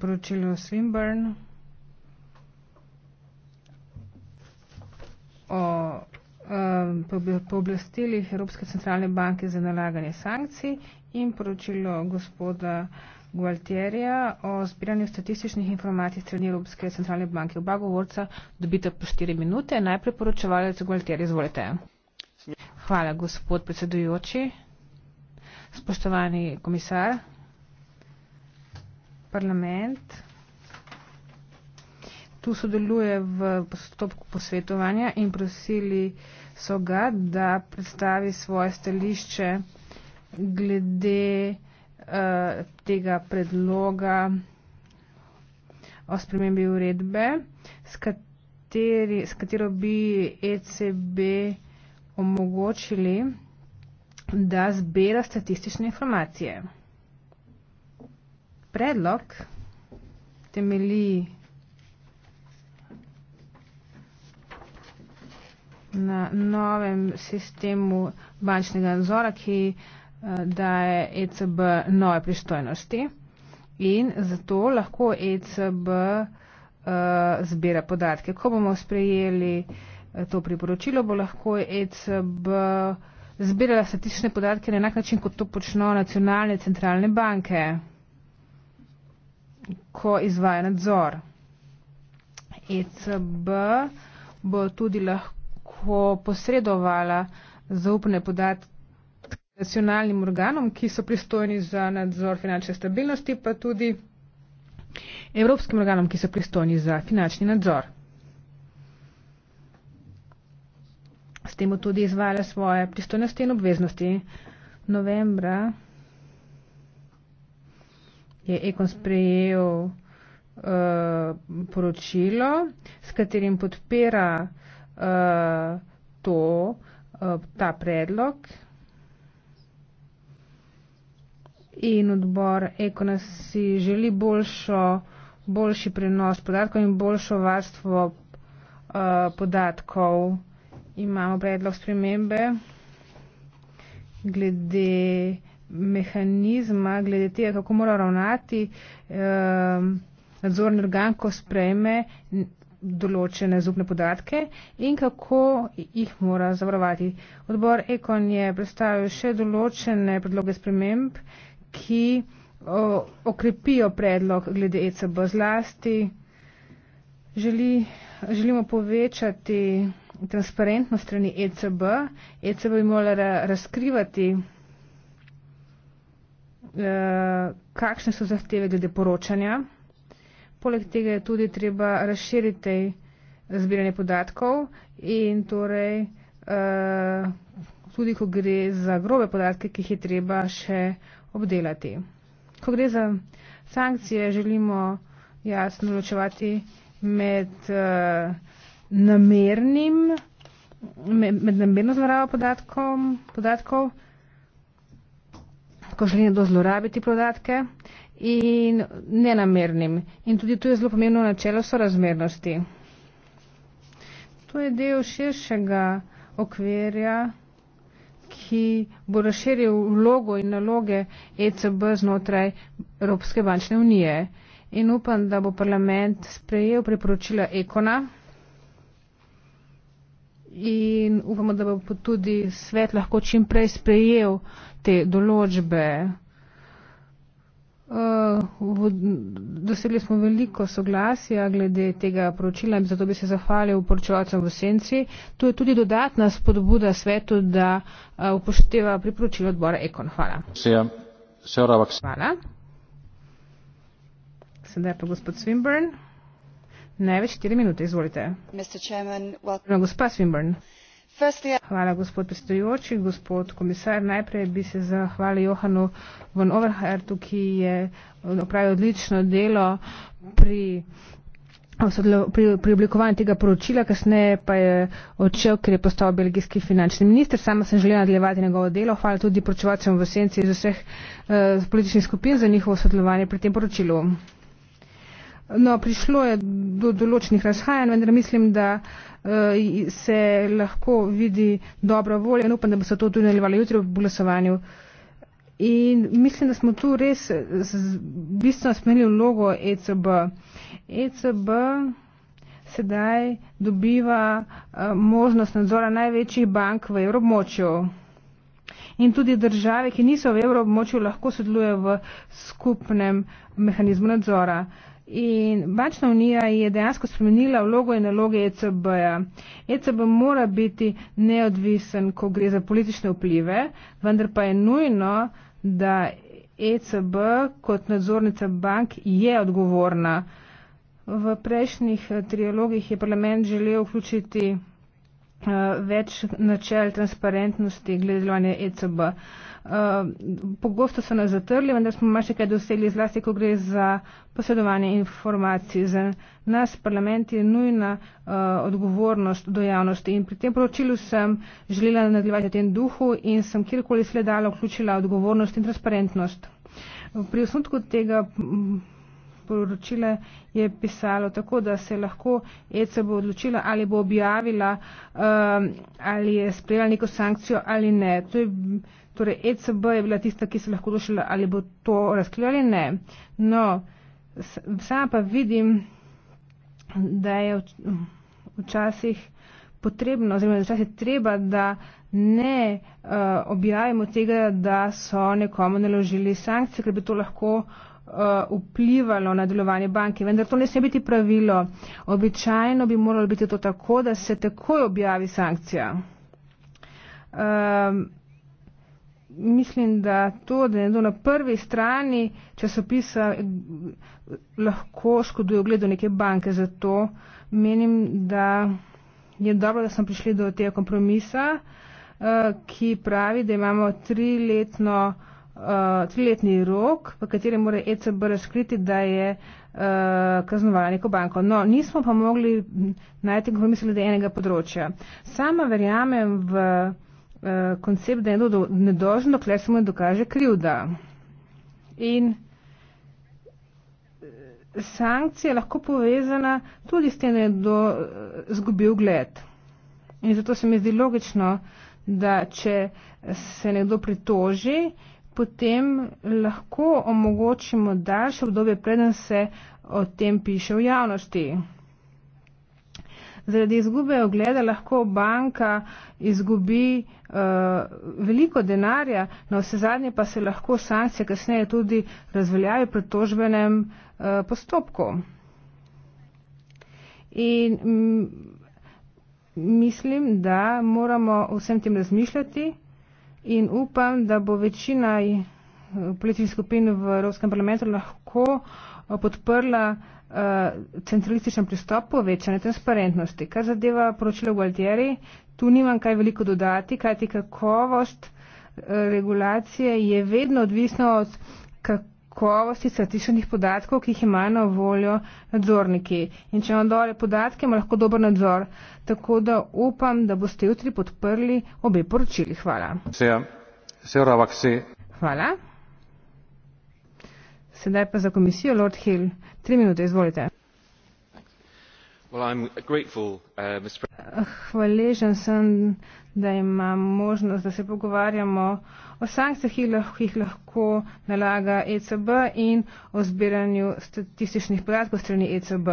poročilo Svinburn o um, pooblastilih Evropske centralne banke za nalaganje sankcij in poročilo gospoda Gualtierja o zbiranju statističnih informacij strani Evropske centralne banke. Oba govorca dobite po 4 minute. Najprej poročevalec Gualtier, izvolite. Hvala, gospod predsedujoči. Spoštovani komisar parlament. Tu sodeluje v postopku posvetovanja in prosili so ga, da predstavi svoje stališče glede uh, tega predloga o spremembi uredbe, s, kateri, s katero bi ECB omogočili, da zbira statistične informacije predlog temeli na novem sistemu bančnega nadzora, ki eh, daje ECB nove pristojnosti in zato lahko ECB uh, eh, zbira podatke. Ko bomo sprejeli eh, to priporočilo, bo lahko ECB zbirala statistične podatke na enak način, kot to počnejo nacionalne centralne banke ko izvaja nadzor. ECB bo tudi lahko posredovala zaupne podatke nacionalnim organom, ki so pristojni za nadzor finančne stabilnosti, pa tudi evropskim organom, ki so pristojni za finančni nadzor. S tem bo tudi izvajala svoje pristojnosti in obveznosti novembra je Ekon sprejel uh, poročilo, s katerim podpira uh, to, uh, ta predlog. In odbor Ekona si želi boljšo, boljši prenos podatkov in boljšo varstvo uh, podatkov. Imamo predlog spremembe glede mehanizma glede tega, kako mora ravnati eh, nadzorni organ, ko sprejme določene zubne podatke in kako jih mora zavarovati. Odbor Ekon je predstavil še določene predloge sprememb, ki o, okrepijo predlog glede ECB zlasti. Želi, želimo povečati transparentnost strani ECB. ECB bi morala razkrivati eh, kakšne so zahteve glede poročanja. Poleg tega je tudi treba razširiti zbiranje podatkov in torej eh, tudi, ko gre za grobe podatke, ki jih je treba še obdelati. Ko gre za sankcije, želimo jasno ločevati med eh, namernim, med, med namerno zvaravo podatkov, podatkov ko želi nekdo zlorabiti podatke in nenamernim. In tudi tu je zelo pomembno načelo sorazmernosti. To je del širšega okvirja, ki bo razširil vlogo in naloge ECB znotraj Evropske bančne unije. In upam, da bo parlament sprejel priporočila Ekona in upamo, da bo tudi svet lahko čim prej sprejel te določbe. Uh, dosegli smo veliko soglasja glede tega poročila in zato bi se zahvalil poročevalcem v Senci. Tu je tudi dodatna spodbuda svetu, da uh, upošteva priporočilo odbora Ekon. Hvala. Hvala. Sedaj pa gospod Swinburne. Največ 4 minute, izvolite. Chairman, Gospa Svimbrn. Hvala, gospod predsedujoči, gospod komisar. Najprej bi se zahvalil Johanu von Overhartu, ki je opravil odlično delo pri, pri, pri oblikovanju tega poročila, kasneje pa je odšel, ker je postal belgijski finančni minister. Sama sem želela nadaljevati njegovo delo. Hvala tudi poročevalcem v senci iz vseh uh, političnih skupin za njihovo sodelovanje pri tem poročilu. No, prišlo je do določenih razhajanj, vendar mislim, da eh, se lahko vidi dobra volja in upam, da bo se to tudi nalivalo jutri v glasovanju. In mislim, da smo tu res eh, bistveno spremenili vlogo ECB. ECB sedaj dobiva eh, možnost nadzora največjih bank v evromočju. In tudi države, ki niso v evromočju, lahko sodelujejo v skupnem mehanizmu nadzora. In bančna unija je dejansko spremenila vlogo in naloge ECB-ja. ECB mora biti neodvisen, ko gre za politične vplive, vendar pa je nujno, da ECB kot nadzornica bank je odgovorna. V prejšnjih eh, trialogih je parlament želel vključiti uh, več načel transparentnosti glede delovanja ECB. Uh, pogosto so nas zatrli, vendar smo marsikaj dosegli zlasti, ko gre za posedovanje informacij. Za nas parlament je nujna uh, odgovornost do javnosti in pri tem poročilu sem želela nadaljevati v tem duhu in sem kjerkoli sledala vključila odgovornost in transparentnost. Pri osnutku tega poročila je pisalo tako, da se lahko ECB odločila ali bo objavila, uh, ali je sprejela neko sankcijo ali ne. To je torej ECB je bila tista, ki se lahko odločila, ali bo to razkrila ali ne. No, sama pa vidim, da je včasih potrebno, oziroma da včasih je treba, da ne uh, objavimo tega, da so nekomu naložili sankcije, ker bi to lahko eh, vplivalo na delovanje banke, vendar to ne sme biti pravilo. Običajno bi moralo biti to tako, da se takoj objavi sankcija. Um, mislim, da to, da je nekdo na prvi strani časopisa lahko škoduje ogledu neke banke. Zato menim, da je dobro, da smo prišli do tega kompromisa, eh, ki pravi, da imamo triletno, eh, triletni rok, v katerem mora ECB razkriti, da je eh, kaznovala neko banko. No, nismo pa mogli najti kompromisa glede enega področja. Sama verjamem v. Eh, koncept, da je nedožno, dokler se mu ne dokaže krivda. In eh, sankcija je lahko povezana tudi s tem, da je kdo eh, zgubil gled. In zato se mi zdi logično, da če se nekdo pritoži, potem lahko omogočimo daljše obdobje, preden se o tem piše v javnosti. Zaradi izgube ogleda lahko banka izgubi uh, veliko denarja, na no, vse zadnje pa se lahko sankcije kasneje tudi razveljavi pri tožbenem uh, eh, postopku. In mm, mislim, da moramo vsem tem razmišljati in upam, da bo večina. Je, političnih skupin v Evropskem parlamentu lahko eh, podprla eh, centralističen pristop povečane transparentnosti. Kar zadeva poročilo Gualtieri, tu nimam kaj veliko dodati, kajti kakovost eh, regulacije je vedno odvisna od kakovosti statističnih podatkov, ki jih imajo na voljo nadzorniki. In če imamo dobre podatke, imamo lahko dober nadzor. Tako da upam, da boste jutri podprli obe poročili. Hvala. Hvala. Sedaj pa za komisijo, Lord Hill. Tri minute, izvolite. Well, grateful, uh, ah, Hvaležen sem, da imam možnost, da se pogovarjamo o sankcijah, ki jih lahko nalaga ECB in o zbiranju statističnih podatkov strani ECB.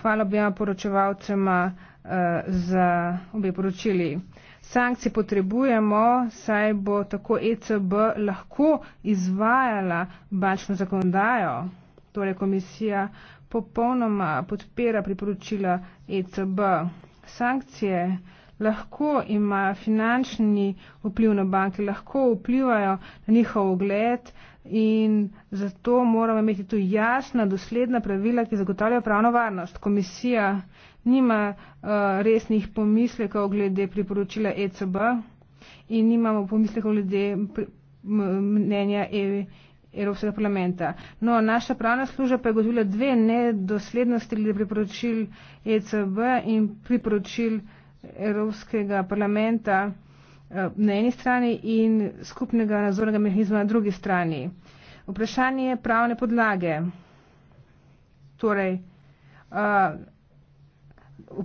Hvala objema poročevalcema uh, za obe poročili sankcije potrebujemo, saj bo tako ECB lahko izvajala bančno zakonodajo. Torej komisija popolnoma podpira priporočila ECB. Sankcije lahko imajo finančni vpliv na banke, lahko vplivajo na njihov ogled in zato moramo imeti tu jasna, dosledna pravila, ki zagotavljajo pravno varnost. Komisija nima uh, resnih pomislekov glede priporočila ECB in nimamo pomislekov glede mnenja EU. Evropskega parlamenta. No, naša pravna služba pa je gotovila dve nedoslednosti glede priporočil ECB in priporočil Evropskega parlamenta eh, na eni strani in skupnega nadzornega mehanizma na drugi strani. Vprašanje pravne podlage. Torej, uh,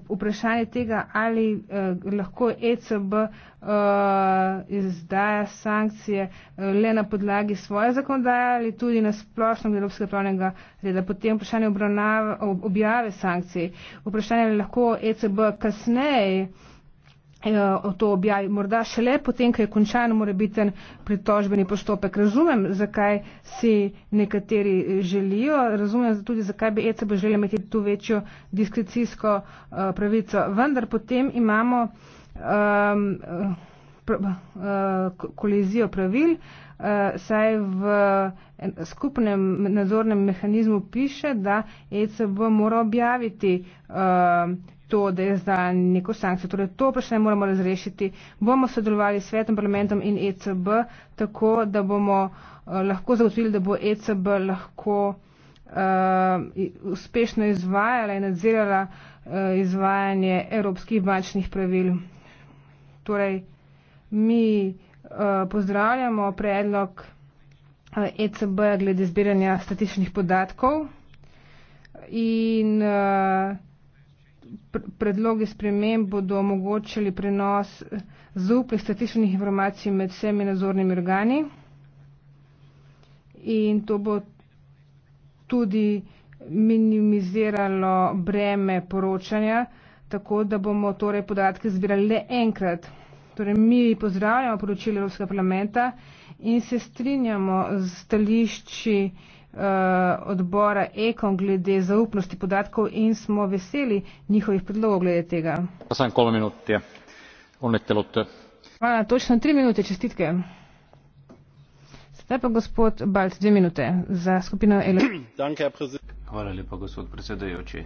vprašanje tega, ali eh, lahko ECB eh, izdaja sankcije eh, le na podlagi svoje zakonodaje ali tudi na splošno evropskega pravnega reda. Potem vprašanje obrana, objave sankcij. Vprašanje, ali lahko ECB kasneje. Eh, to objavi. Morda šele potem, ko je končan morebiten pritožbeni postopek. Razumem, zakaj si nekateri eh, želijo, razumem tudi, zakaj bi ECB želeli imeti tu večjo diskrecijsko eh, pravico. Vendar potem imamo um, pr kolizijo pravil, saj v skupnem nadzornem mehanizmu piše, da ECB mora objaviti um, to, da je za neko sankcijo. Torej, to vprašanje moramo razrešiti. Bomo sodelovali s svetom parlamentom in ECB tako, da bomo eh, lahko zagotovili, da bo ECB lahko uh, uspešno izvajala in nadzirala uh, izvajanje evropskih bančnih pravil. Torej, mi uh, pozdravljamo predlog uh, ECB glede zbiranja statističnih podatkov in uh, predlogi sprememb bodo omogočili prenos eh, zaupnih statističnih informacij med vsemi nadzornimi organi in to bo tudi minimiziralo breme poročanja, tako da bomo torej podatke zbirali le enkrat. Torej, mi pozdravljamo poročilo Evropskega parlamenta in se strinjamo z stališči Eh, odbora Ekon glede zaupnosti podatkov in smo veseli njihovih predlogov glede tega. Hvala, točno tri minute, čestitke. Zdaj pa gospod Balc, dve minute za skupino ELS. Hvala lepa, gospod predsedajoči.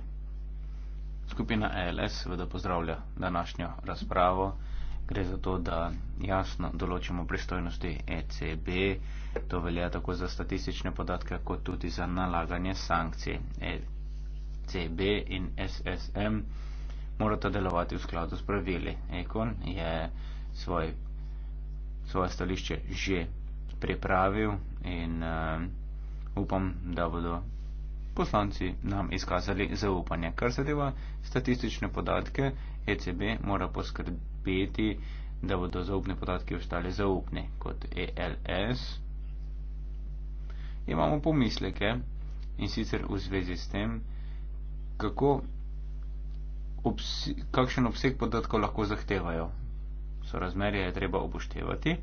Skupina ELS seveda pozdravlja današnjo razpravo gre za to, da jasno določimo pristojnosti ECB, to velja tako za statistične podatke, kot tudi za nalaganje sankcij. ECB in SSM morata delovati v skladu s pravili. Ekon je svoj, svoje stališče že pripravil in uh, upam, da bodo poslanci nam izkazali zaupanje. Kar zadeva statistične podatke, ECB mora poskrbeti, da bodo zaupne podatke ostale zaupne, kot ELS. Imamo pomisleke in sicer v zvezi s tem, kako, obs, kakšen obseg podatkov lahko zahtevajo. Sorazmerje je treba upoštevati,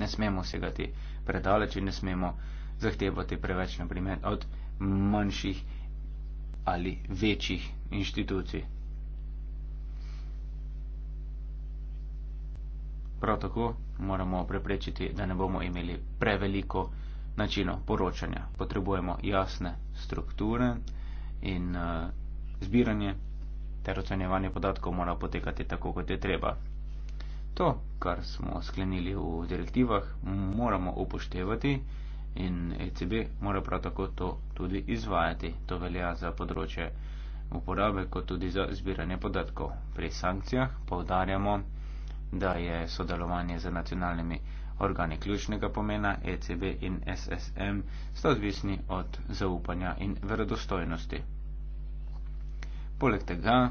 ne smemo segati predaleč in ne smemo zahtevati preveč, naprimer, od manjših ali večjih inštitucij. Prav tako moramo preprečiti, da ne bomo imeli preveliko načinov poročanja. Potrebujemo jasne strukture in uh, zbiranje ter ocenjevanje podatkov mora potekati tako, kot je treba. To, kar smo sklenili v direktivah, moramo upoštevati in ECB mora prav tako to tudi izvajati. To velja za področje uporabe, kot tudi za zbiranje podatkov. Pri sankcijah povdarjamo, da je sodelovanje z nacionalnimi organi ključnega pomena, ECB in SSM, sta odvisni od zaupanja in verodostojnosti. Poleg tega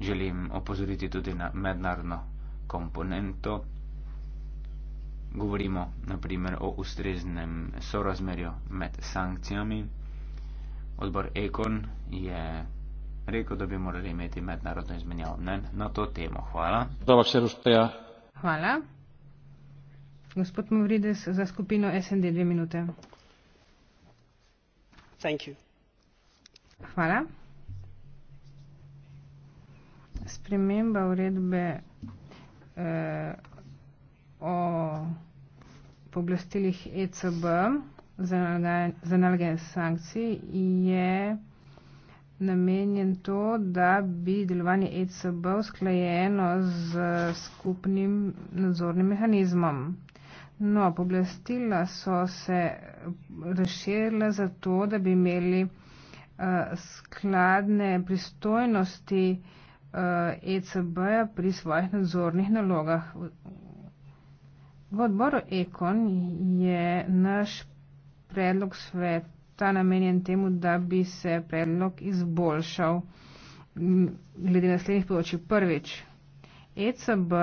želim opozoriti tudi na mednarodno komponento. Govorimo naprimer o ustreznem sorazmerju med sankcijami. Odbor Ekon je rekel, da bi morali imeti mednarodno izmenjavo mnen na to temo. Hvala. Dobro, vse uspeja. Hvala. Gospod Mavrides za skupino SND dve minute. Thank you. Hvala. Sprememba uredbe eh, o poblastilih ECB za nalaganje sankcij je namenjen to, da bi delovanje ECB usklajeno z skupnim nadzornim mehanizmom. No, poblastila so se razširila zato, da bi imeli uh, skladne pristojnosti uh, eh, ECB-ja pri svojih nadzornih nalogah. V odboru Ekon je naš predlog svet sta namenjen temu, da bi se predlog izboljšal glede naslednjih področji. Prvič, ECB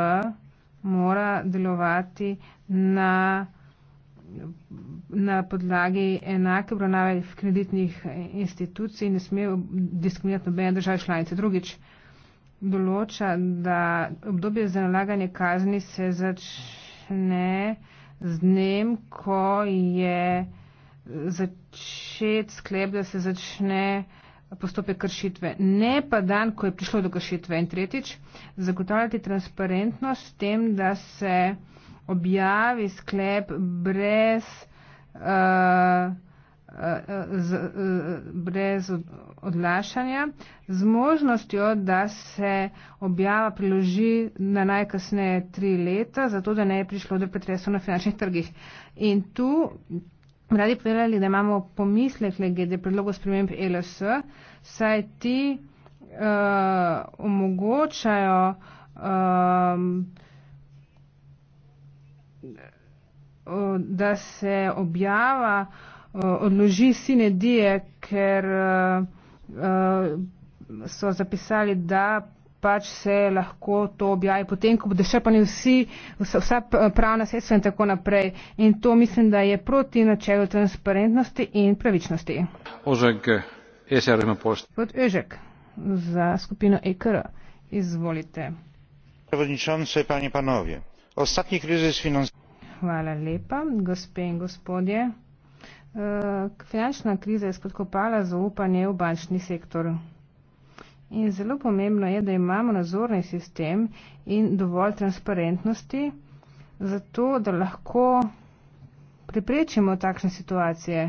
mora delovati na, na podlagi enake obravnave v kreditnih institucij in ne sme diskriminirati nobene države članice. Drugič, določa, da obdobje za nalaganje kazni se začne z dnem, ko je začeti sklep, da se začne postopek kršitve. Ne pa dan, ko je prišlo do kršitve. In tretjič, zagotavljati transparentnost s tem, da se objavi sklep brez. Uh, Z, brez odlašanja, z možnostjo, da se objava priloži na najkasneje tri leta, zato da ne je prišlo do pretresov na finančnih trgih. In tu radi povedali, da imamo pomislek glede predlogov sprememb LS, saj ti uh, omogočajo um, da se objava eh, odloži sine die, ker uh, so zapisali, da pač se lahko to objavi potem, ko bodo še pa ne vsi, vsa, vsa pravna sredstva in tako naprej. In to mislim, da je proti načelu transparentnosti in pravičnosti. Ožek, SR ima post. Kot Ožek za skupino EKR. Izvolite. Predsedniče, pani panovje. Ostatni krizis financiranja. Hvala lepa, gospe in gospodje. E, finančna kriza je spodkopala zaupanje v bančni sektor. In zelo pomembno je, da imamo nadzorni sistem in dovolj transparentnosti, zato da lahko preprečimo takšne situacije.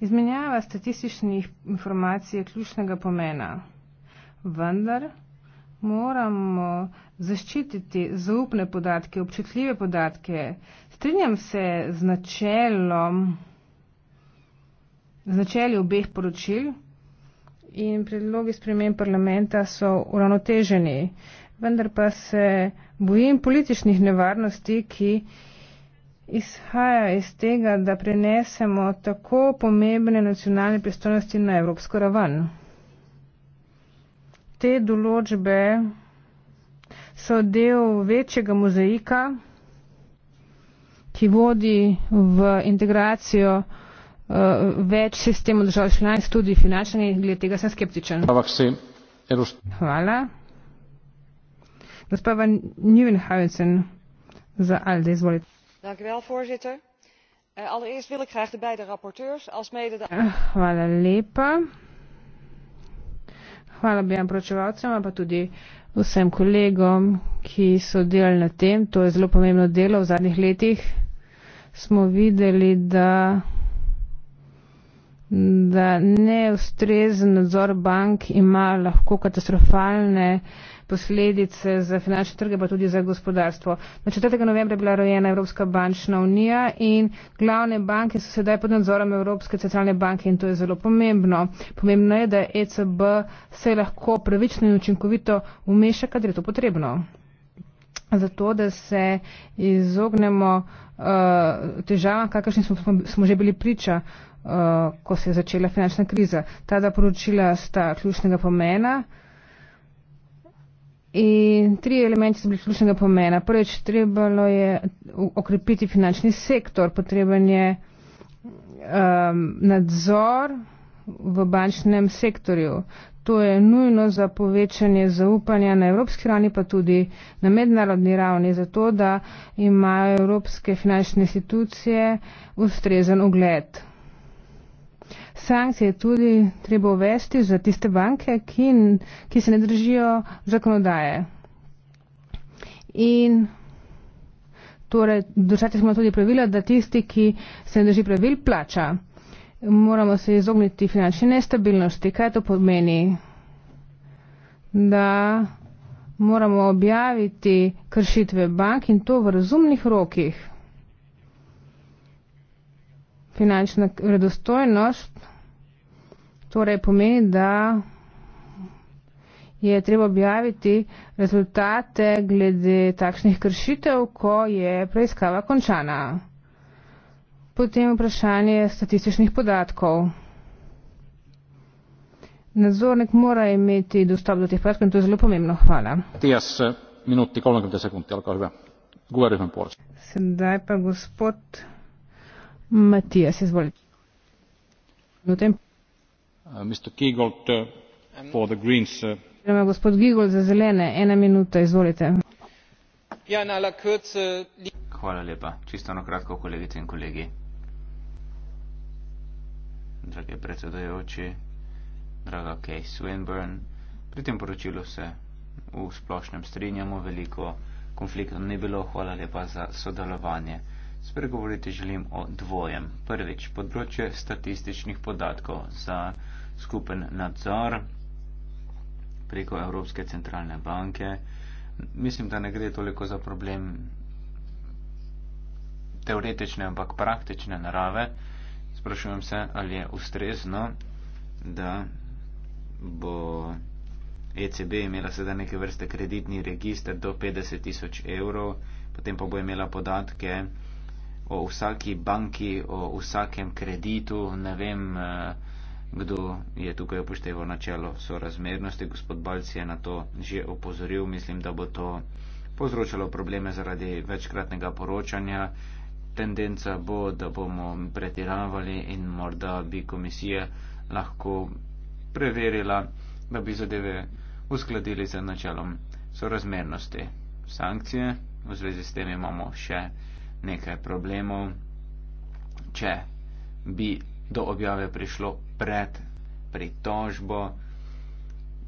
Izmenjava statističnih informacij je ključnega pomena, vendar moramo zaščititi zaupne podatke, občutljive podatke. Strinjam se z načelom, z načeli obeh poročil in predlogi spremen parlamenta so uravnoteženi. Vendar pa se bojim političnih nevarnosti, ki izhaja iz tega, da prenesemo tako pomembne nacionalne pristojnosti na evropsko raven. Te določbe so del večjega mozaika, ki vodi v integracijo uh, več sistemov držav članic, tudi finančni, glede tega sem skeptičen. Hvala. Gospa van Nieuwenhuizen za Alde, izvolite. Dank u wel, voorzitter. Eh, allereerst wil ik graag de beide rapporteurs als mede de... Eh, hvala lepa. Hvala bijan pročevalcem, pa tudi vsem kolegom, ki so delali na tem. To je zelo pomembno delo. V zadnjih letih smo videli, da da neustrezen nadzor bank ima lahko katastrofalne posledice za finančne trge, pa tudi za gospodarstvo. Na 4. novembra je bila rojena Evropska bančna unija in glavne banke so sedaj pod nadzorom Evropske centralne banke in to je zelo pomembno. Pomembno je, da ECB se lahko pravično in učinkovito umeša, kadar je to potrebno. Zato, da se izognemo uh, težavam, kakršni smo, smo že bili priča uh, Eh, ko se je začela finančna kriza. Ta dva poročila sta ključnega pomena. In tri elementi so bili ključnega pomena. Prvič, trebalo je okrepiti finančni sektor, potreben je um, nadzor v bančnem sektorju. To je nujno za povečanje zaupanja na evropski ravni, pa tudi na mednarodni ravni, zato da imajo evropske finančne institucije ustrezen ugled. Sankcije je tudi treba uvesti za tiste banke, ki, ki se ne držijo zakonodaje. In torej, držati smo tudi pravila, da tisti, ki se ne drži pravil, plača. Moramo se izogniti finančni nestabilnosti. Kaj to pomeni? Da moramo objaviti kršitve bank in to v razumnih rokih finančna redostojnost, torej pomeni, da je treba objaviti rezultate glede takšnih kršitev, ko je preiskava končana. Potem vprašanje statističnih podatkov. Nadzornik mora imeti dostop do teh podatkov in to je zelo pomembno. Hvala. Tijas, minuti, sekundi, Sedaj pa gospod. Matijas, izvolite. Potem. Uh, uh, uh gospod Gigol za zelene, ena minuta, izvolite. Ja, hvala lepa. Čisto na kratko, kolegice in kolegi. Drage predsedajoči, draga Kay Swinburne, pri tem poročilu se v splošnem strinjamo veliko, konfliktov ni bilo, hvala lepa za sodelovanje. Spregovoriti želim o dvojem. Prvič, področje statističnih podatkov za skupen nadzor preko Evropske centralne banke. Mislim, da ne gre toliko za problem teoretične, ampak praktične narave. Sprašujem se, ali je ustrezno, da bo ECB imela sedaj neke vrste kreditni register do 50 tisoč evrov, potem pa bo imela podatke, o vsaki banki, o vsakem kreditu, ne vem, eh, kdo je tukaj upošteval načelo sorazmernosti. Gospod Balc je na to že opozoril, mislim, da bo to povzročalo probleme zaradi večkratnega poročanja. Tendenca bo, da bomo pretiravali in morda bi komisija lahko preverila, da bi zadeve uskladili z za načelom sorazmernosti. Sankcije v zvezi s tem imamo še nekaj problemov, če bi do objave prišlo pred pritožbo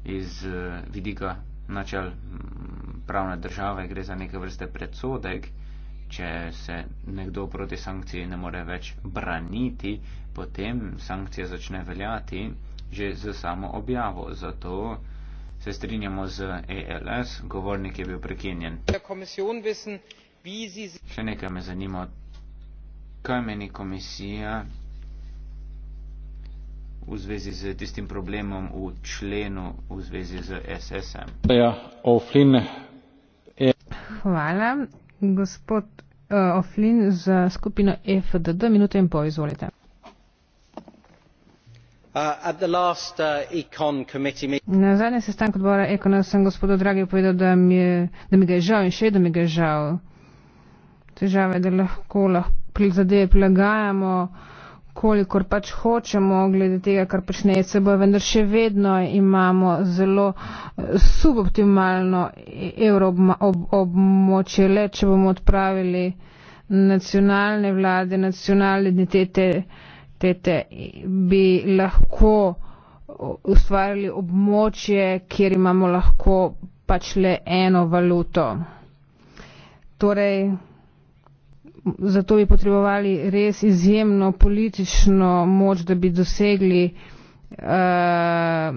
iz eh, vidika načel mm, pravne države, gre za neke vrste predsodek, če se nekdo proti sankciji ne more več braniti, potem sankcija začne veljati že z samo objavo. Zato se strinjamo z ELS, govornik je bil prekinjen. Še nekaj me zanima, kaj meni komisija v zvezi z tistim problemom v členu v zvezi z SSM. Ja, e. Hvala, gospod uh, Oflin, za skupino e FDD. Minuto in pol, izvolite. Uh, last, uh, Na zadnjem sestanku odbora Ekona sem gospodu Dragi povedal, da mi, je, da mi ga je žal in še vedno mi ga je žal težave, da lahko zadeve prilagajamo, kolikor pač hočemo, glede tega, kar počne ECB, vendar še vedno imamo zelo eh, suboptimalno evroobmočje, le če bomo odpravili nacionalne vlade, nacionalne identitete, tete, bi lahko ustvarili območje, kjer imamo lahko pač le eno valuto. Torej, zato bi potrebovali res izjemno politično moč, da bi dosegli Eh,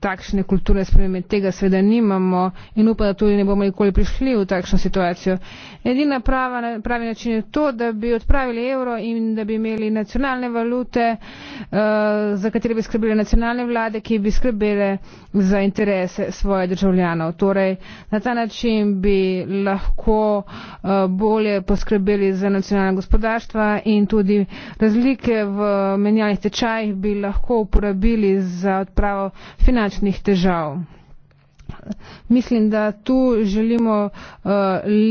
takšne kulturne spremembe. Tega sveda nimamo in upam, da tudi ne bomo nikoli prišli v takšno situacijo. Edina prava, pravi način je to, da bi odpravili evro in da bi imeli nacionalne valute, uh, za katere bi skrbile nacionalne vlade, ki bi skrbele za interese svoje državljanov. Torej, na ta način bi lahko uh, bolje poskrbeli za nacionalne gospodarstva in tudi razlike v menjalnih tečajih bi lahko uporabili za odpravo finančnih težav. Mislim, da tu želimo uh,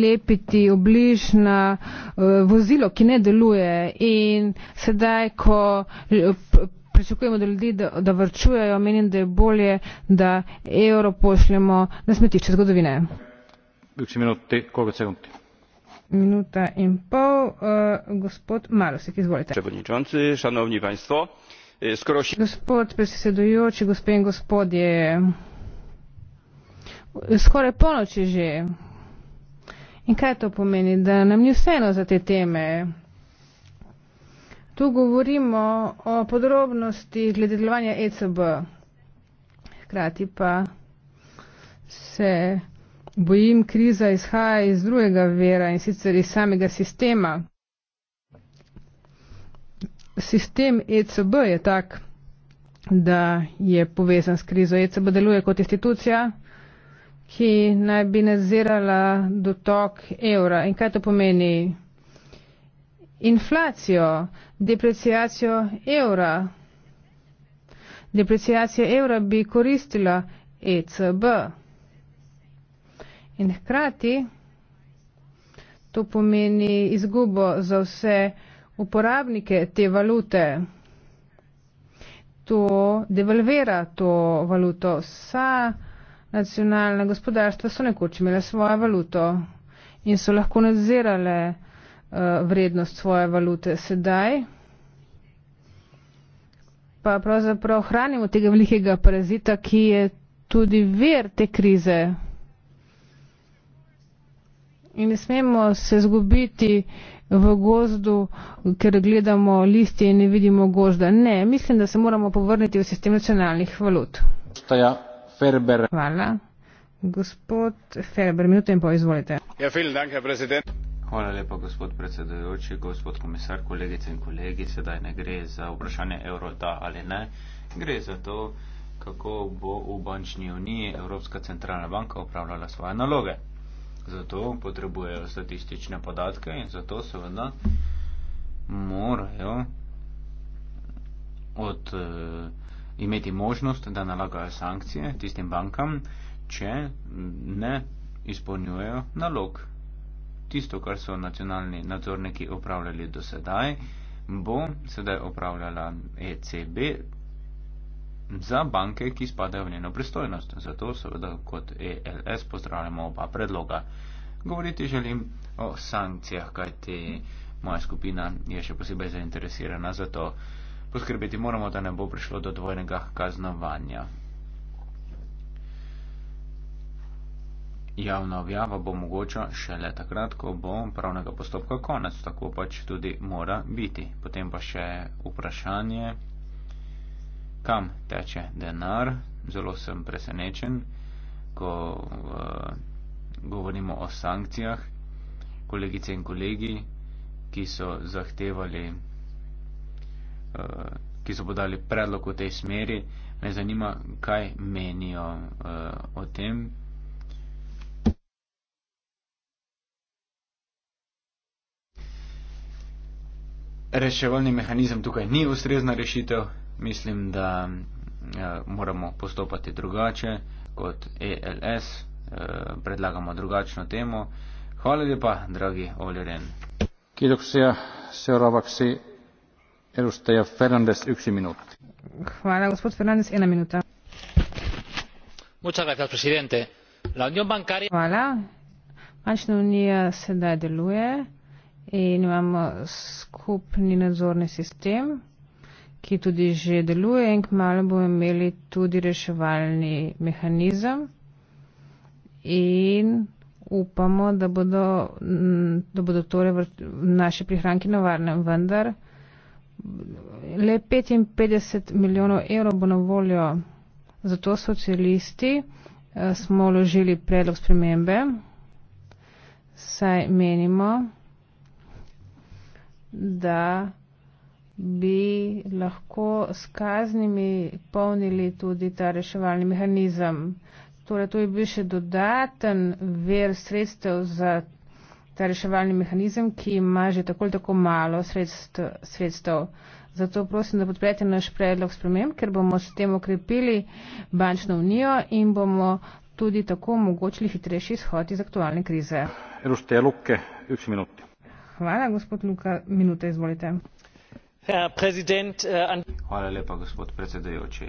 lepiti obliž na uh, vozilo, ki ne deluje in sedaj, ko uh, pričakujemo, da ljudi da, da vrčujejo, menim, da je bolje, da evro pošljemo na smetišče zgodovine. Minuti, sekundi? Minuta in pol, uh, gospod Marosek, izvolite. Šanovni predsedniki, šanovni gospodje. Eh, Gospod predsedujoči, gospe in gospodje, skoraj polnoči že. In kaj to pomeni? Da nam ni vseeno za te teme. Tu govorimo o podrobnosti glede delovanja ECB. Hkrati pa se bojim, kriza izhaja iz drugega vera in sicer iz samega sistema sistem ECB je tak, da je povezan s krizo. ECB deluje kot institucija, ki naj bi nadzirala dotok evra. In kaj to pomeni? Inflacijo, depreciacijo evra. Depreciacija evra bi koristila ECB. In hkrati to pomeni izgubo za vse uporabnike te valute. To devalvira to valuto. Vsa nacionalna gospodarstva so nekoč imela svojo valuto in so lahko nadzirale uh, vrednost svoje valute. Sedaj pa pravzaprav hranimo tega velikega parazita, ki je tudi ver te krize. In ne smemo se zgubiti v gozdu, ker gledamo listje in ne vidimo gozda. Ne, mislim, da se moramo povrniti v sistem nacionalnih valut. Hvala. Gospod Ferber, minuto in pol izvolite. Ja, dank, Hvala lepa, gospod predsedujoči, gospod komisar, kolegice in kolegi. Sedaj ne gre za vprašanje evro, da ali ne. Gre za to, kako bo v bančni uniji Evropska centralna banka upravljala svoje naloge. Zato potrebujejo statistične podatke in zato seveda morajo od, uh, imeti možnost, da nalagajo sankcije tistim bankam, če ne izpolnjujejo nalog. Tisto, kar so nacionalni nadzorniki opravljali do sedaj, bo sedaj opravljala ECB, za banke, ki spadajo v njeno pristojnost. Zato seveda kot ELS pozdravljamo oba predloga. Govoriti želim o sankcijah, kaj ti moja skupina je še posebej zainteresirana za to. Poskrbeti moramo, da ne bo prišlo do dvojnega kaznovanja. Javna objava bo mogoča šele takrat, ko bo pravnega postopka konec, tako pač tudi mora biti. Potem pa še vprašanje kam teče denar. Zelo sem presenečen, ko uh, govorimo o sankcijah. Kolegice in kolegi, ki so zahtevali, uh, ki so podali predlog v tej smeri, me zanima, kaj menijo uh, o tem. Reševalni mehanizem tukaj ni ustrezna rešitev, mislim, da eh, moramo postopati drugače kot ALS, e eh, predlagamo drugačno temo. Hvala lepa, dragi Oljeren. Kiitoksia. Seuraavaksi edustaja Fernandes, yksi minuutti. Hvala, gospod Fernandes, ena minuutta. Muchas gracias, presidente. La Unión Bancaria... Hvala. Bančna unija sedaj deluje in imamo skupni nadzorni sistem ki tudi že deluje in kmalo bomo imeli tudi reševalni mehanizem in upamo, da bodo, da bodo torej naše prihranki na varnem, vendar le 55 milijonov evrov bo na voljo. Zato socialisti eh, smo vložili predlog spremembe, saj menimo, da bi lahko s kaznimi polnili tudi ta reševalni mehanizem. Torej, to je bil še dodaten ver sredstev za ta reševalni mehanizem, ki ima že tako ali tako malo sredstev. Zato prosim, da podprete naš predlog spremem, ker bomo s tem okrepili bančno unijo in bomo tudi tako omogočili hitrejši izhod iz aktualne krize. Hvala, gospod Luka. Minuta, izvolite. Äh, Hvala lepa, gospod predsedajoči.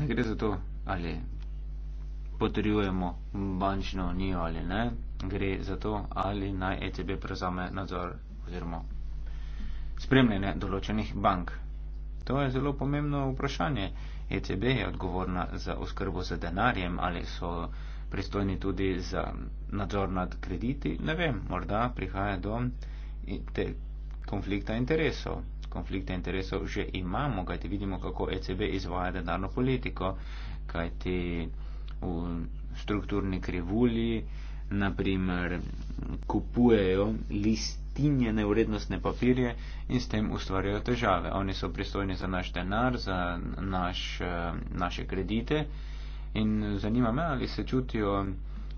Ne gre za to, ali potrjujemo bančno unijo ali ne, gre za to, ali naj ECB prevzame nadzor oziroma spremljanje določenih bank. To je zelo pomembno vprašanje. ECB je odgovorna za oskrbo z denarjem, ali so pristojni tudi za nadzor nad krediti. Ne vem, morda prihaja do te konflikta interesov. Konflikte interesov že imamo, kajti vidimo, kako ECB izvaja denarno politiko, kajti v strukturni krivulji, naprimer, kupujejo listinje nevrednostne papirje in s tem ustvarjajo težave. Oni so pristojni za naš denar, za naš, naše kredite in zanima me, ali se čutijo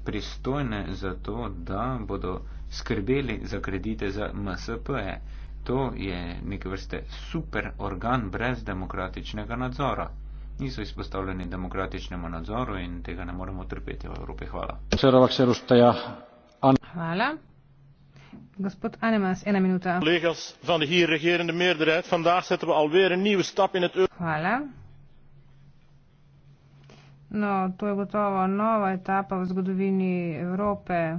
pristojne za to, da bodo skrbeli za kredite za MSP-je. To je neke vrste super organ brez demokratičnega nadzora. Niso izpostavljeni demokratičnemu nadzoru in tega ne moremo trpeti v Evropi. Hvala. Hvala. Gospod Anemas, ena minuta. Hvala. No, to je gotovo nova etapa v zgodovini Evrope.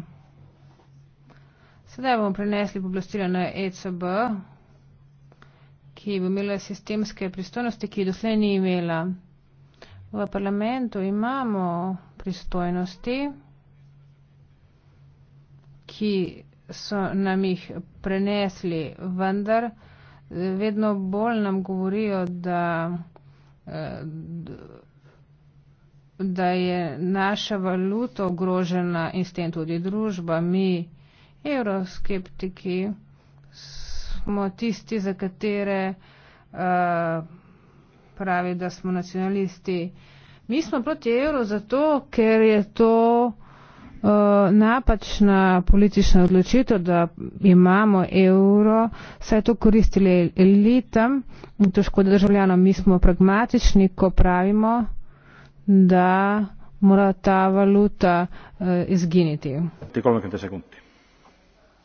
Sedaj bomo prenesli poblastila na ECB, ki bo imela sistemske pristojnosti, ki jih doslej ni imela. V parlamentu imamo pristojnosti, ki so nam jih prenesli, vendar eh, vedno bolj nam govorijo, da, eh, da je naša valuta ogrožena in s tem tudi družba. Mi Euroskeptiki smo tisti, za katere uh, pravi, da smo nacionalisti. Mi smo proti evro zato, ker je to uh, napačna politična odločitev, da imamo evro, saj to koristili elitam in to škoda državljanom. Mi smo pragmatični, ko pravimo, da mora ta valuta uh, izginiti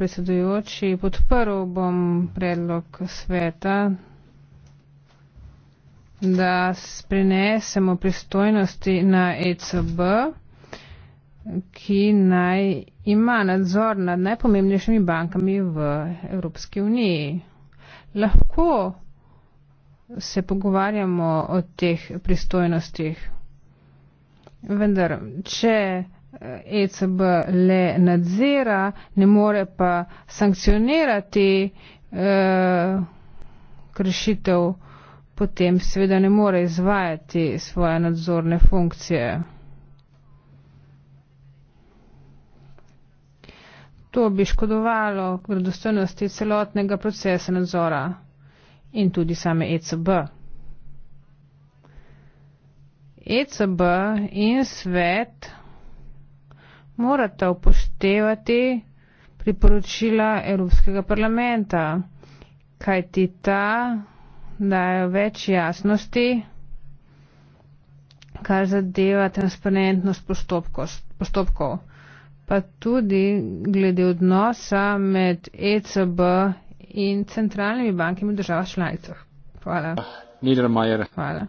predsedujoči, podprl bom predlog sveta, da prenesemo pristojnosti na ECB, ki naj ima nadzor nad najpomembnejšimi bankami v Evropski uniji. Lahko se pogovarjamo o teh pristojnostih, vendar če. ECB le nadzira, ne more pa sankcionirati eh, kršitev, potem seveda ne more izvajati svoje nadzorne funkcije. To bi škodovalo gradostojnosti celotnega procesa nadzora in tudi same ECB. ECB in svet morata upoštevati priporočila Evropskega parlamenta, kaj ti ta dajo več jasnosti, kar zadeva transparentnost postopkov, pa tudi glede odnosa med ECB in centralnimi bankami v državah članicah. Hvala. Niedermayer. Hvala.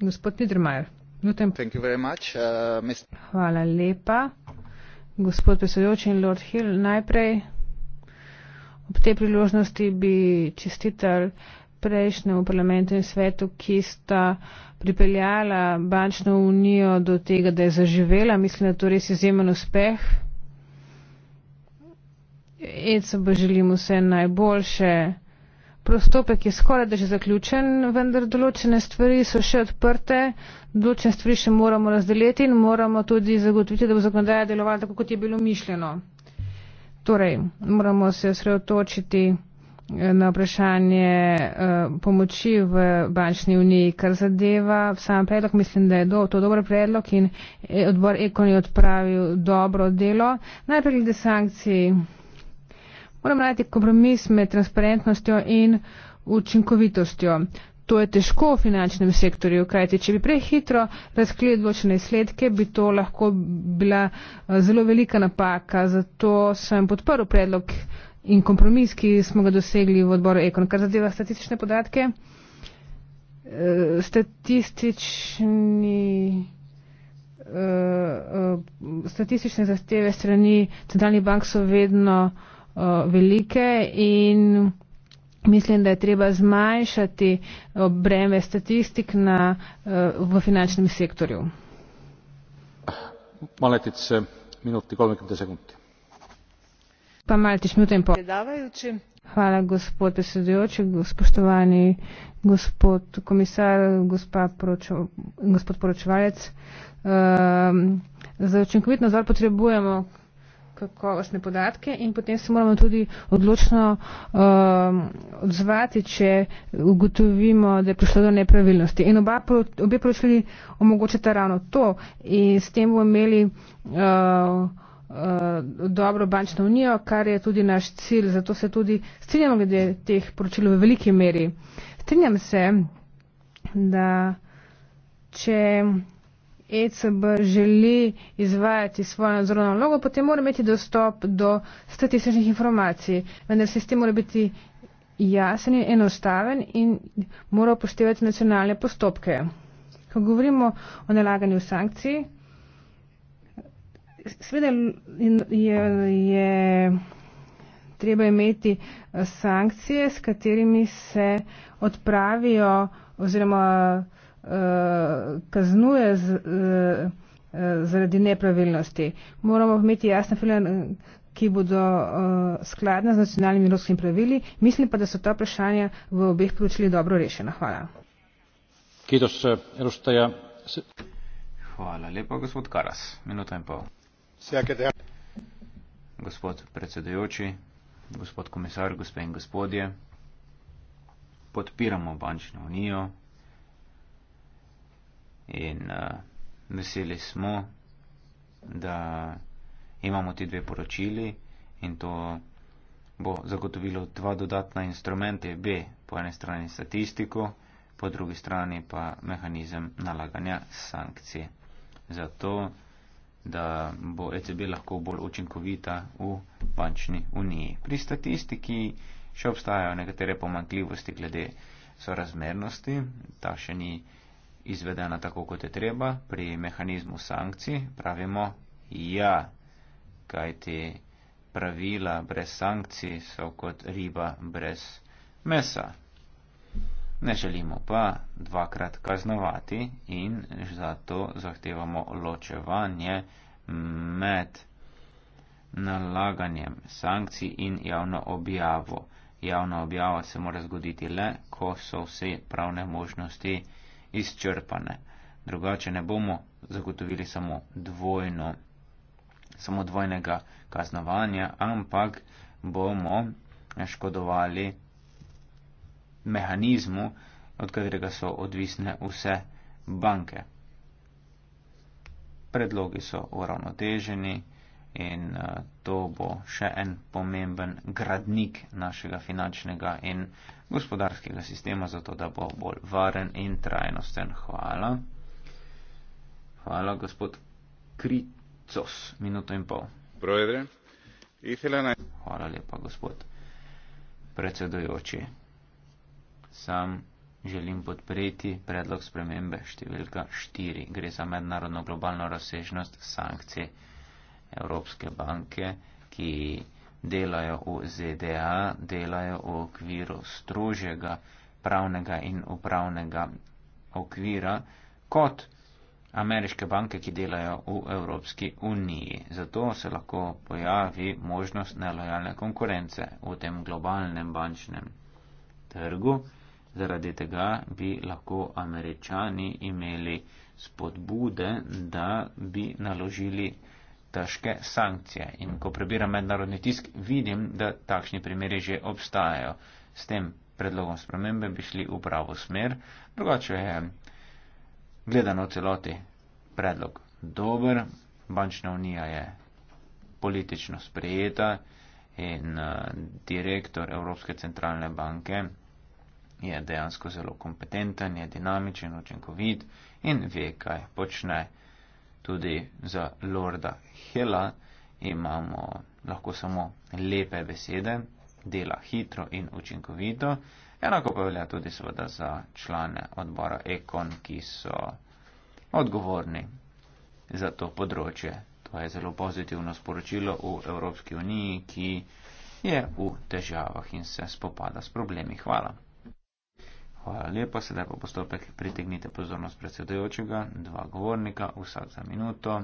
Gospod Niedermayer. Thank you very much, uh, Hvala lepa. Gospod presedujoči in Lord Hill, najprej ob tej priložnosti bi čestital prejšnjemu parlamentu in svetu, ki sta pripeljala bančno unijo do tega, da je zaživela. Mislim, da to res izjemen uspeh. ECB želim vse najboljše. Prostopek je skoraj da že zaključen, vendar določene stvari so še odprte, določene stvari še moramo razdeliti in moramo tudi zagotoviti, da bo zakonodaja delovala tako, kot je bilo mišljeno. Torej, moramo se osredotočiti eh, na vprašanje eh, pomoči v bančni uniji, kar zadeva sam predlog. Mislim, da je do, to dober predlog in eh, odbor Ekon je odpravil dobro delo. Najprej glede sankcij moramo najti kompromis med transparentnostjo in učinkovitostjo. To je težko v finančnem sektorju, kajti če bi prehitro razkrili odločene izsledke, bi to lahko bila eh, zelo velika napaka. Zato sem podprl predlog in kompromis, ki smo ga dosegli v odboru Ekon. Kar zadeva statistične podatke, eh, statistični, eh, statistične zahteve strani centralnih bank so vedno Eh, velike in mislim, da je treba zmanjšati eh, breme statistik na, eh, v finančnem sektorju. Maletic, minuti, Pa Maletic, minuti in pol. Hvala, gospod predsedujoči, spoštovani gospod komisar, poroču, gospod poročevalec. Um, za učinkovit nadzor potrebujemo kakovostne podatke in potem se moramo tudi odločno um, odzvati, če ugotovimo, da je prišlo do nepravilnosti. In oba, obe poročili omogočata ravno to in s tem bomo imeli uh, uh, dobro bančno unijo, kar je tudi naš cilj. Zato se tudi strinjamo glede teh poročil v veliki meri. Strinjam se, da če ECB želi izvajati svojo nadzorno vlogo, potem mora imeti dostop do statističnih informacij. Vendar sistem mora biti jasen in enostaven in mora upoštevati nacionalne postopke. Ko govorimo o nalaganju sankcij, sveda je, je treba imeti eh, sankcije, s katerimi se odpravijo oziroma Eh, kaznuje z, uh, zaradi nepravilnosti. Moramo imeti jasne filme, ki bodo uh, skladne z nacionalnimi in evropskimi pravili. Mislim pa, da so ta vprašanja v obeh poročilih dobro rešena. Hvala. Kitos, Rustaja. Hvala lepa, gospod Karas. Minuta in pol. Gospod predsedujoči, gospod komisar, gospe in gospodje, podpiramo bančno unijo, in uh, veseli smo, da imamo ti dve poročili in to bo zagotovilo dva dodatna instrumente, B, po eni strani statistiko, po drugi strani pa mehanizem nalaganja sankcij. Zato, da bo ECB lahko bolj učinkovita v bančni uniji. Pri statistiki še obstajajo nekatere pomankljivosti glede sorazmernosti, ta še ni izvedena tako, kot je treba, pri mehanizmu sankcij, pravimo ja, kajti pravila brez sankcij so kot riba brez mesa. Ne želimo pa dvakrat kaznovati in zato zahtevamo ločevanje med nalaganjem sankcij in javno objavo. Javna objava se mora zgoditi le, ko so vse pravne možnosti izčrpane. Drugače ne bomo zagotovili samo, dvojno, samo dvojnega kaznovanja, ampak bomo škodovali mehanizmu, od katerega so odvisne vse banke. Predlogi so uravnoteženi in uh, to bo še en pomemben gradnik našega finančnega in gospodarskega sistema, zato da bo bolj varen in trajnosten. Hvala. Hvala, gospod Kricos, minuto in pol. Hvala lepa, gospod predsedujoči. Sam želim podpreti predlog spremembe številka 4. Gre za mednarodno globalno razsežnost sankcije. Evropske banke, ki delajo v ZDA, delajo v okviru strožjega pravnega in upravnega okvira kot ameriške banke, ki delajo v Evropski uniji. Zato se lahko pojavi možnost nelojalne konkurence v tem globalnem bančnem trgu. Zaradi tega bi lahko američani imeli spodbude, da bi naložili težke sankcije. In ko prebiram mednarodni tisk, vidim, da takšni primeri že obstajajo. S tem predlogom spremembe bi šli v pravo smer, drugače je gledano celoti predlog dober, bančna unija je politično sprejeta in eh, direktor Evropske centralne banke je dejansko zelo kompetenten, je dinamičen, učinkovit in ve, kaj počne tudi za Lorda Hela imamo lahko samo lepe besede, dela hitro in učinkovito. Enako pa velja tudi seveda za člane odbora Ekon, ki so odgovorni za to področje. To je zelo pozitivno sporočilo v Evropski uniji, ki je v težavah in se spopada s problemi. Hvala. Hvala lepa, sedaj pa postopek pritegnite pozornost predsedujočega, dva govornika, vsak za minuto.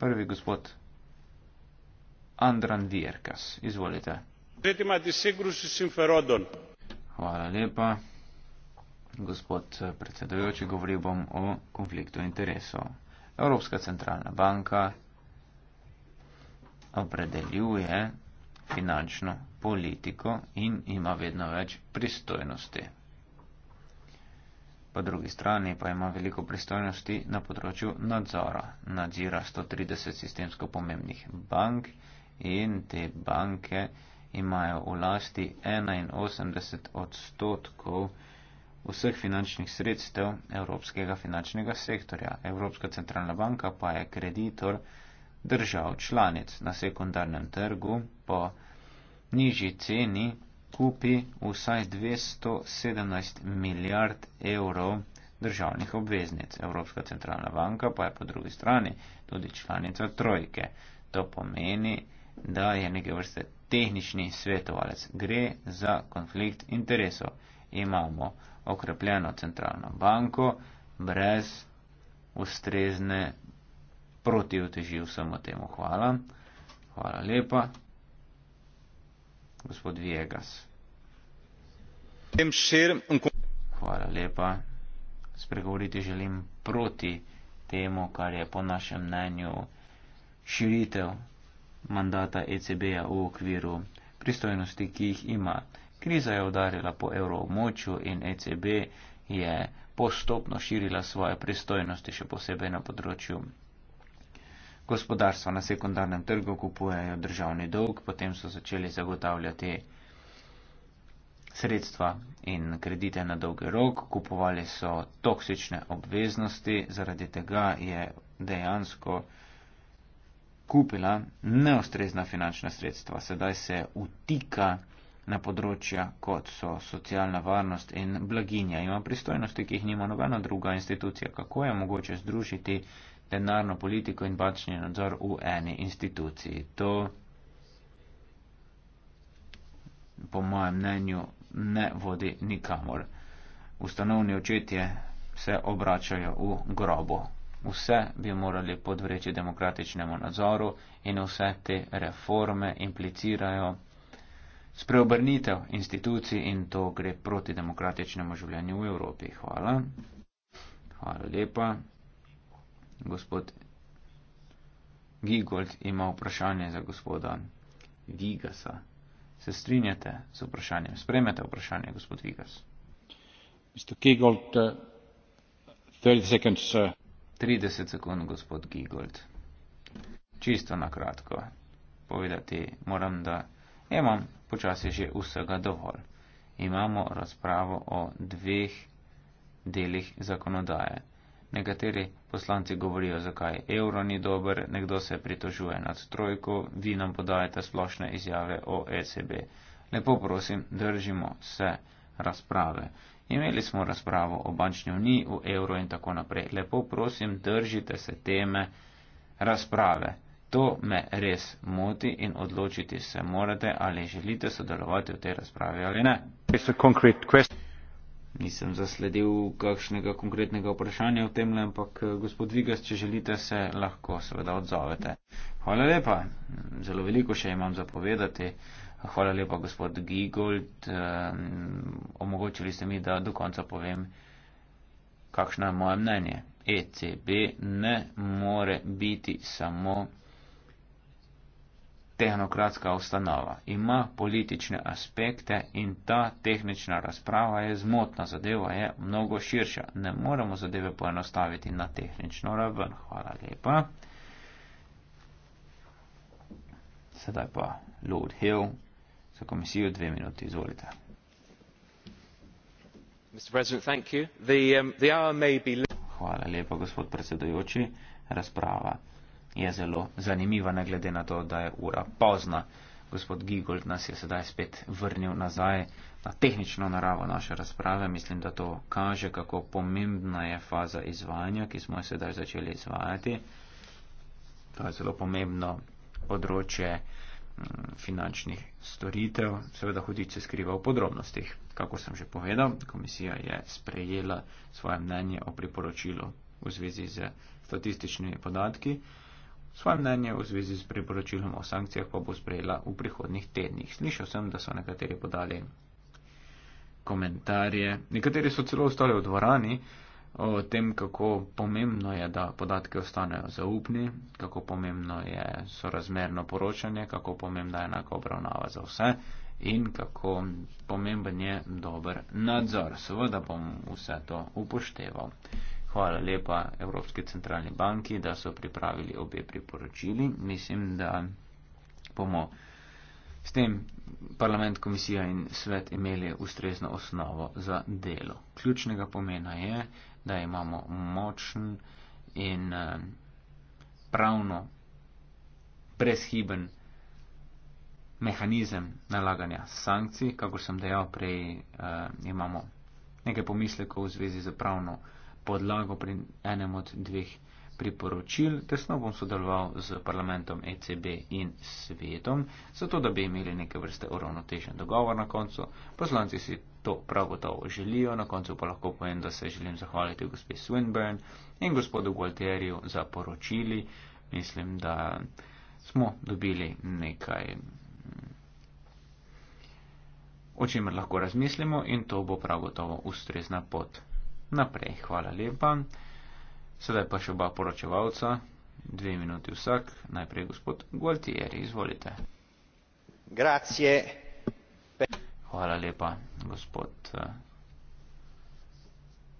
Prvi gospod Andran Dierkas, izvolite. Hvala lepa, gospod predsedujoči, govoril bom o konfliktu interesov. Evropska centralna banka opredeljuje finančno politiko in ima vedno več pristojnosti. Po drugi strani pa ima veliko pristojnosti na področju nadzora. Nadzira 130 sistemsko pomembnih bank in te banke imajo v lasti 81 odstotkov vseh finančnih sredstev Evropskega finančnega sektorja. Evropska centralna banka pa je kreditor držav članic na sekundarnem trgu po nižji ceni kupi vsaj 217 milijard evrov državnih obveznic. Evropska centralna banka pa je po drugi strani tudi članica trojke. To pomeni, da je neke vrste tehnični svetovalec. Gre za konflikt interesov. Imamo okrepljeno centralno banko brez ustrezne protivteži vsemu temu. Hvala. Hvala lepa gospod Viegas. Hvala lepa. Spregovoriti želim proti temu, kar je po našem mnenju širitev mandata ECB-ja v okviru pristojnosti, ki jih ima. Kriza je udarila po evroobmočju in ECB je postopno širila svoje pristojnosti, še posebej na področju gospodarstva na sekundarnem trgu kupujejo državni dolg, potem so začeli zagotavljati sredstva in kredite na dolgi rok, kupovali so toksične obveznosti, zaradi tega je dejansko kupila neustrezna finančna sredstva. Sedaj se utika na področja, kot so socialna varnost in blaginja. Ima pristojnosti, ki jih nima nobena druga institucija. Kako je mogoče združiti denarno politiko in bančni nadzor v eni instituciji. To, po mojem mnenju, ne vodi nikamor. Ustanovni očetje se obračajo v grobo. Vse bi morali podvreči demokratičnemu nadzoru in vse te reforme implicirajo spreobrnitev institucij in to gre proti demokratičnemu življenju v Evropi. Hvala. Hvala lepa. Gospod Gigold ima vprašanje za gospoda Vigasa. Se strinjate z vprašanjem? Spremete vprašanje, gospod Vigas? Mr. Gigold, uh, 30 sekund, sir. 30 sekund, gospod Gigold. Čisto na kratko. Povedati moram, da imam počasi že vsega dovolj. Imamo razpravo o dveh delih zakonodaje. Nekateri poslanci govorijo, zakaj evro ni dober, nekdo se pritožuje nad trojko, vi nam podajate splošne izjave o ECB. Lepo prosim, držimo se razprave. Imeli smo razpravo o bančni uniji, o evro in tako naprej. Lepo prosim, držite se teme razprave. To me res moti in odločiti se morate, ali želite sodelovati v tej razpravi ali ne. It's a concrete question. Nisem zasledil kakšnega konkretnega vprašanja o tem, ampak eh, gospod Vigas, če želite, se lahko seveda odzovete. Hvala lepa, zelo veliko še imam zapovedati. Hvala lepa, gospod Gigold. Omogočili ste mi, da do konca povem, kakšno je moje mnenje. ECB ne more biti samo tehnokratska ustanova, ima politične aspekte in ta tehnična razprava je zmotna, zadeva je mnogo širša. Ne moremo zadeve poenostaviti na tehnično raven. Hvala lepa. Sedaj pa Lord Hill za komisijo dve minuti. Izvolite. Um, Hvala lepa, gospod predsedujoči. Razprava je zelo zanimiva, ne glede na to, da je ura pozna. Gospod Gigold nas je sedaj spet vrnil nazaj na tehnično naravo naše razprave. Mislim, da to kaže, kako pomembna je faza izvajanja, ki smo jo sedaj začeli izvajati. To je zelo pomembno področje mm, finančnih storitev. Seveda hudič se skriva v podrobnostih. Kako sem že povedal, komisija je sprejela svoje mnenje o priporočilu v zvezi z statističnimi podatki. Svoje mnenje v zvezi s priporočilom o sankcijah pa bo sprejela v prihodnih tednih. Slišal sem, da so nekateri podali komentarje, nekateri so celo ostali v dvorani o tem, kako pomembno je, da podatke ostanejo zaupni, kako pomembno je sorazmerno poročanje, kako pomembna je enaka obravnava za vse in kako pomemben je dober nadzor. Seveda bom vse to upošteval. Hvala lepa Evropske centralne banki, da so pripravili obe priporočili. Mislim, da bomo s tem parlament, komisija in svet imeli ustrezno osnovo za delo. Ključnega pomena je, da imamo močen in eh, pravno brezhiben mehanizem nalaganja sankcij. Kako sem dejal prej, eh, imamo nekaj pomislekov v zvezi z pravno podlago pri enem od dveh priporočil. Tesno bom sodeloval z parlamentom ECB in svetom, zato da bi imeli neke vrste uravnotežen dogovor na koncu. Poslanci si to prav gotovo želijo, na koncu pa lahko povem, da se želim zahvaliti gospe Swinburne in gospodu Gualterju za poročili. Mislim, da smo dobili nekaj, o čemer lahko razmislimo in to bo prav gotovo ustrezna pot. Naprej, hvala lepa. Sedaj pa še oba poročevalca, dve minuti vsak, najprej gospod Gualtier, izvolite. Grazie. Hvala lepa, gospod eh,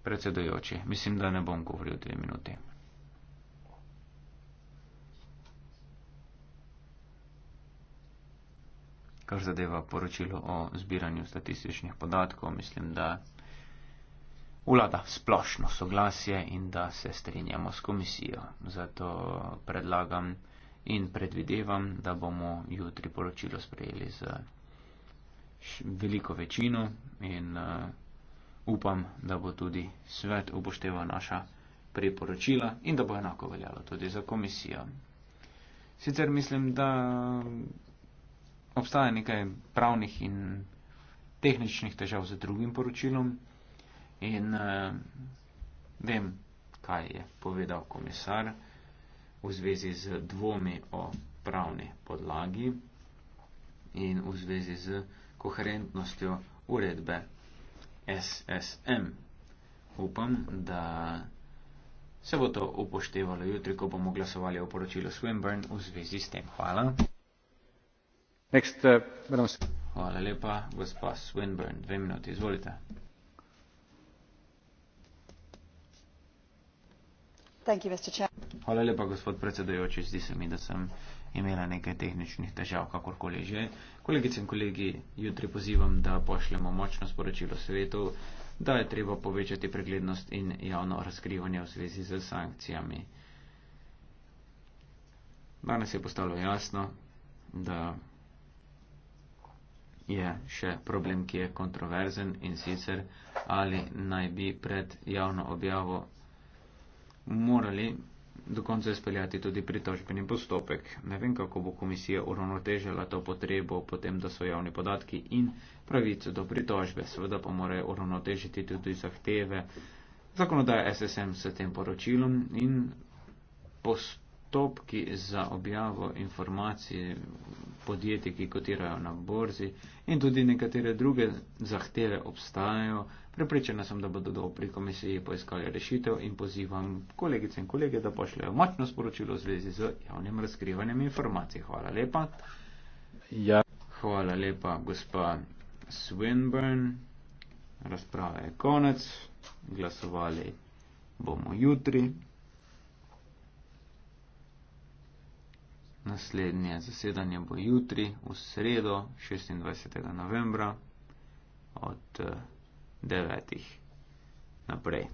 predsedujoči. Mislim, da ne bom govoril dve minuti. Kar zadeva poročilo o zbiranju statističnih podatkov, mislim, da vlada splošno soglasje in da se strinjamo s komisijo. Zato predlagam in predvidevam, da bomo jutri poročilo sprejeli z veliko večino in uh, upam, da bo tudi svet upošteval naša priporočila in da bo enako veljalo tudi za komisijo. Sicer mislim, da obstaja nekaj pravnih in tehničnih težav z drugim poročilom. In uh, vem, kaj je povedal komisar v zvezi z dvomi o pravni podlagi in v zvezi z koherentnostjo uredbe SSM. Upam, da se bo to upoštevalo jutri, ko bomo glasovali o poročilu Swinburne v zvezi s tem. Hvala. Next, uh, Hvala lepa, gospa Swinburne. Dve minuti, izvolite. Hvala lepa, gospod predsedojoči. Zdi se mi, da sem imela nekaj tehničnih težav, kakorkoli že. Kolegice in kolegi, jutri pozivam, da pošljemo močno sporočilo svetu, da je treba povečati preglednost in javno razkrivanje v zvezi z sankcijami. Danes je postalo jasno, da je še problem, ki je kontroverzen in sicer ali naj bi pred javno objavo morali do konca izpeljati tudi pritožbeni postopek. Ne vem, kako bo komisija uravnotežila to potrebo potem, da so javni podatki in pravice do pritožbe. Seveda pa morajo uravnotežiti tudi zahteve zakonodaje SSM s tem poročilom in postopkom postopki za objavo informacij podjetij, ki kotirajo na borzi in tudi nekatere druge zahteve obstajajo. Prepričana sem, da bodo pri komisiji poiskali rešitev in pozivam kolegice in kolege, da pošljajo močno sporočilo v zvezi z javnim razkrivanjem informacij. Hvala lepa. Ja. Hvala lepa, gospa Swinburne. Razprava je konec. Glasovali bomo jutri. Naslednje zasedanje bo jutri, v sredo, 26. novembra, od 9. Eh, naprej.